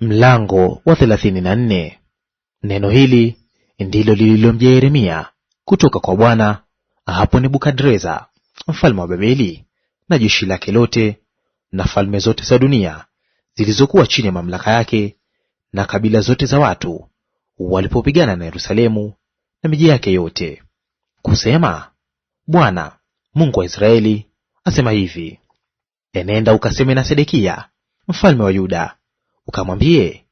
Mlango wa 34. Neno hili ndilo lililomjia Yeremia kutoka kwa Bwana hapo Nebukadreza mfalme wa Babeli na jeshi lake lote na falme zote za dunia zilizokuwa chini ya mamlaka yake na kabila zote za watu walipopigana na Yerusalemu na miji yake yote, kusema, Bwana Mungu wa Israeli asema hivi, enenda ukaseme na Sedekia mfalme wa Yuda ukamwambie,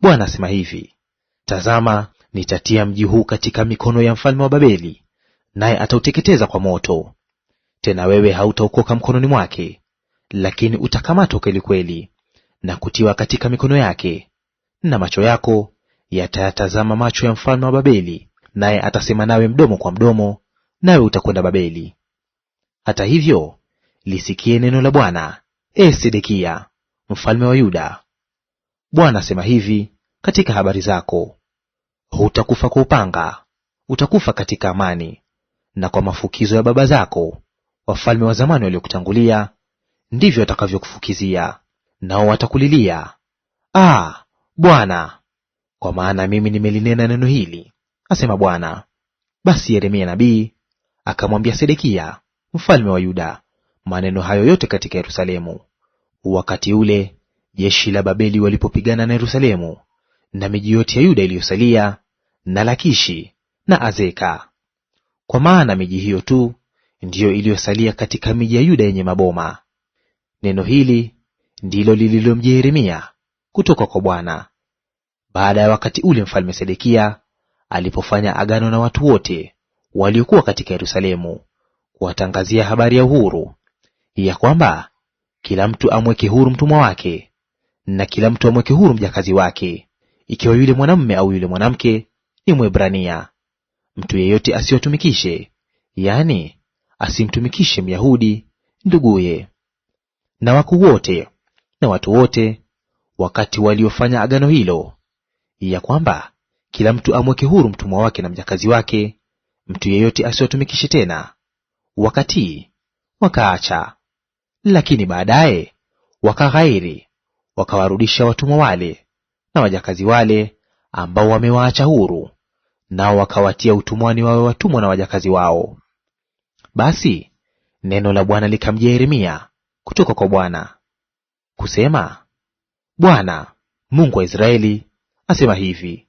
Bwana asema hivi, tazama, nitatia mji huu katika mikono ya mfalme wa Babeli, naye atauteketeza kwa moto. Tena wewe hautaokoka mkononi mwake, lakini utakamatwa kweli kweli na kutiwa katika mikono yake, na macho yako yatayatazama macho ya mfalme wa Babeli, naye atasema nawe mdomo kwa mdomo, nawe utakwenda Babeli. Hata hivyo lisikie neno la Bwana, e Sedekia mfalme wa Yuda, Bwana asema hivi katika habari zako, hutakufa kwa upanga, utakufa katika amani, na kwa mafukizo ya baba zako wafalme wa zamani waliokutangulia, ndivyo watakavyokufukizia; nao watakulilia, Ah Bwana! Kwa maana mimi nimelinena neno hili, asema Bwana. Basi Yeremia nabii akamwambia Sedekia mfalme wa Yuda maneno hayo yote katika Yerusalemu wakati ule jeshi la Babeli walipopigana na Yerusalemu na miji yote ya Yuda iliyosalia na Lakishi na Azeka. Kwa maana miji hiyo tu ndiyo iliyosalia katika miji ya Yuda yenye maboma. Neno hili ndilo lililomjia Yeremia kutoka kwa Bwana baada ya wakati ule mfalme Sedekia alipofanya agano na watu wote waliokuwa katika Yerusalemu kuwatangazia habari ya uhuru, ya kwamba kila mtu amweke huru mtumwa wake na kila mtu amweke huru mjakazi wake, ikiwa yule mwanamme au yule mwanamke ni Mwebrania. Mtu yeyote asiwatumikishe, yaani asimtumikishe Myahudi nduguye. Na wakuu wote na watu wote wakati waliofanya agano hilo, ya kwamba kila mtu amweke huru mtumwa wake na mjakazi wake, mtu yeyote asiwatumikishe tena, wakatii wakaacha. Lakini baadaye wakaghairi wakawarudisha watumwa wale na wajakazi wale ambao wamewaacha huru, nao wakawatia utumwani wawe watumwa na wajakazi wao. Basi neno la Bwana likamjia Yeremia kutoka kwa Bwana kusema, Bwana Mungu wa Israeli asema hivi,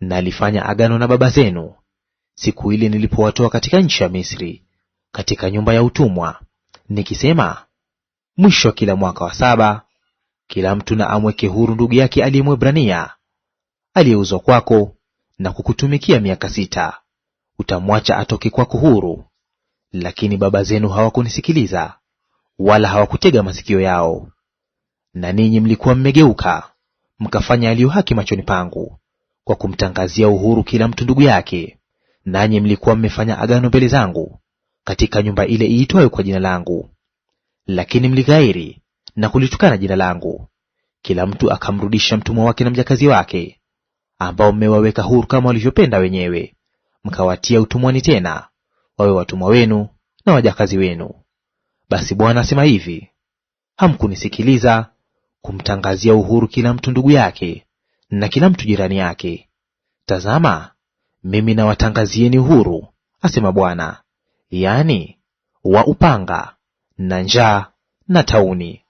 nalifanya agano na baba zenu siku ile nilipowatoa katika nchi ya Misri, katika nyumba ya utumwa, nikisema, mwisho wa kila mwaka wa saba kila mtu na amweke huru ndugu yake aliyemwebrania aliyeuzwa kwako na kukutumikia miaka sita; utamwacha atoke kwako huru. Lakini baba zenu hawakunisikiliza, wala hawakutega masikio yao. Na ninyi mlikuwa mmegeuka, mkafanya yaliyo haki machoni pangu, kwa kumtangazia uhuru kila mtu ndugu yake; nanyi mlikuwa mmefanya agano mbele zangu katika nyumba ile iitwayo kwa Jina langu. Lakini mlighairi na kulitukana jina langu. Kila mtu akamrudisha mtumwa wake na mjakazi wake, ambao mmewaweka huru kama walivyopenda wenyewe, mkawatia utumwani tena, wawe watumwa wenu na wajakazi wenu. Basi Bwana asema hivi, hamkunisikiliza kumtangazia uhuru kila mtu ndugu yake na kila mtu jirani yake. Tazama, mimi nawatangazieni uhuru, asema Bwana, yaani wa upanga na njaa na tauni,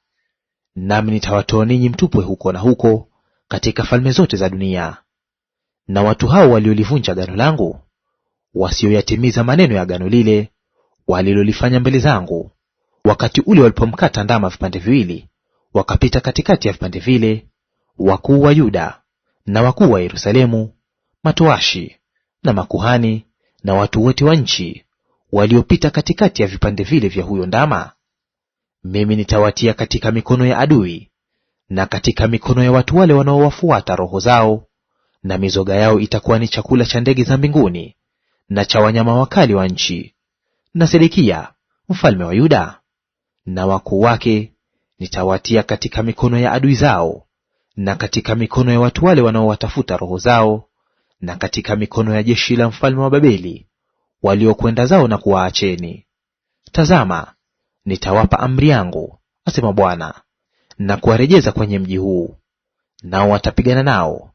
Nami nitawatoa ninyi mtupwe huko na huko katika falme zote za dunia. Na watu hao waliolivunja agano langu, wasioyatimiza maneno ya agano lile walilolifanya mbele zangu, wakati ule walipomkata ndama vipande viwili, wakapita katikati ya vipande vile, wakuu wa Yuda na wakuu wa Yerusalemu, matoashi na makuhani na watu wote wa nchi, waliopita katikati ya vipande vile vya huyo ndama mimi nitawatia katika mikono ya adui, na katika mikono ya watu wale wanaowafuata roho zao, na mizoga yao itakuwa ni chakula cha ndege za mbinguni na cha wanyama wakali wa nchi. Na Sedekia mfalme wa Yuda na wakuu wake nitawatia katika mikono ya adui zao, na katika mikono ya watu wale wanaowatafuta roho zao, na katika mikono ya jeshi la mfalme wa Babeli, waliokwenda zao na kuwaacheni. Tazama, nitawapa amri yangu, asema Bwana, na kuwarejeza kwenye mji huu, nao watapigana nao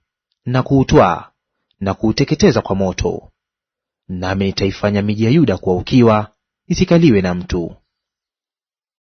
na kuutwaa na kuuteketeza kwa moto, nami nitaifanya miji ya Yuda kuwa ukiwa, isikaliwe na mtu.